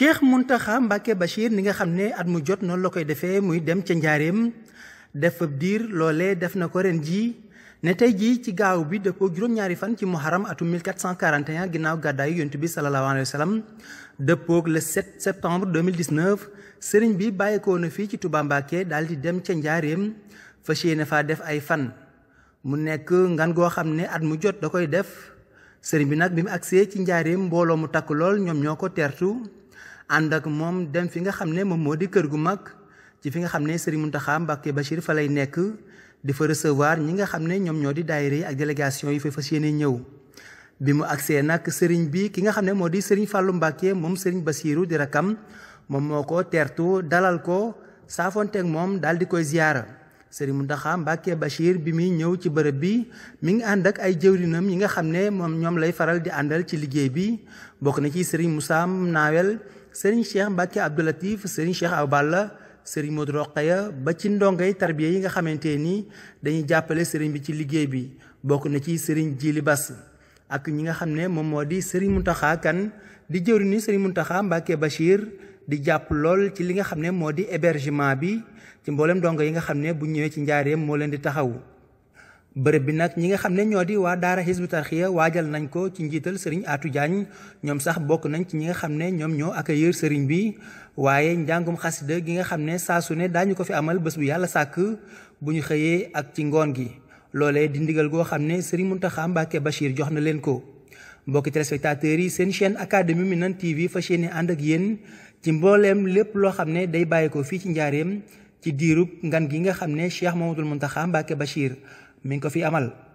Cheikh Mountakha Mbacké Bachir ni nga xam ne at mu jot noonu la koy defee muy dem ca njaareem def ab diir loole def na ko ren jii ne tey jii ci gaaw bi dëppoo juróom-ñaari fan ci muharam atum 1441 ginnaaw gàddaayu yontu bi sallallahu alayhi wa sallam dëppoog le 7 septembre 2019 sëriñ bi bàyyeekoo na fii ci Touba daal di dem ca njaareem fas yéene faa def ay fan mu nekk ngan goo xam ne at mu jot da koy def sëriñ bi nag bi mu agsee ci njaareem mbooloo mu takk lool ñoom ñoo ko tertu ànd ak moom dem fi nga xam ne moom moo di kër gu mag ci fi nga xam ne Serigne Mountakha Mbacké Bachir fa lay nekk di fa recevoir ñi nga xam ne ñoom ñoo di daayira ak délégation yi fa fas ñëw bi mu agsee nag Serigne bi ki nga xam ne moo di Serigne Fallou Mbacké moom Serigne Bassirou di rakam moom moo ko teertu dalal ko saafonteeg moom daal di koy ziyaara Sëriñ Mountakha Mbacké Bachir bi muy ñëw ci bërëb bi mi ngi ànd ak ay jëwrinam yi nga xam ne moom ñoom lay faral di àndal ci liggéey bi bokk na ci Sëriñ Moussa Naawel sëriñ Cheikh Mbacke Abdoulatif sëriñ Cheikh Aballa sëriñ Modou Rokhaya ba ci ndongay tarbiya yi nga xamante ni dañuy jàppale sëriñ bi ci liggéey bi bokk na ci sëriñ Jili Bass ak ñi nga xam ne moom moo di sëriñ Mountakha di jëwri ni sëriñ Mountakha Mbacke Bachir di jàpp lool ci li nga xam ne moo di hébergement bi ci mboolem ndongo yi nga xam ne bu ñëwee ci njaareem moo leen di taxawu. bërëb bi nag ñi nga xam ne ñoo di waa daara Hizbut Tarqiyyah waajal nañ ko ci njiital sëriñ Atou Diagne ñoom sax bokk nañ ci ñi nga xam ne ñoom ñoo accueillir sëriñ bi waaye njàngum xasida gi nga xam ne saa su ne daañu ko fi amal bés bu yàlla sàkk bu ñu xëyee ak ci ngoon gi loolee di ndigal goo xam ne sëriñ Mountakha Mbacké Bachir jox na leen ko mbokki téléspectateurs yi seen chaîne académie Minane TV fas yéene ànd ak yéen ci mbooleem lépp loo xam ne day bàyyi ko fii ci njaareem ci diirub ngan gi nga xam ne Cheikh Mamadou Mountakha Mbacké Bachir mi ngi ko fi amal